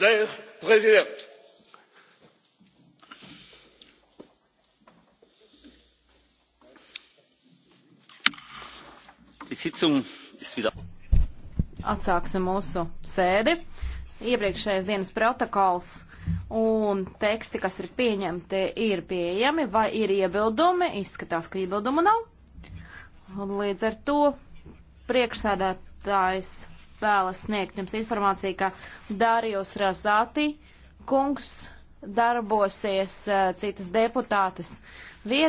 der präsident! atsāksim mūsu sēdi. Iepriekšējais dienas protokols un teksti, kas ir pieņemti, ir pieejami vai ir iebildumi. Izskatās, ka iebildumu nav. Un līdz ar to priekšsēdētājs vēlas sniegt jums informāciju, ka Dārijos Razāti kungs darbosies eh, citas deputātes vietā.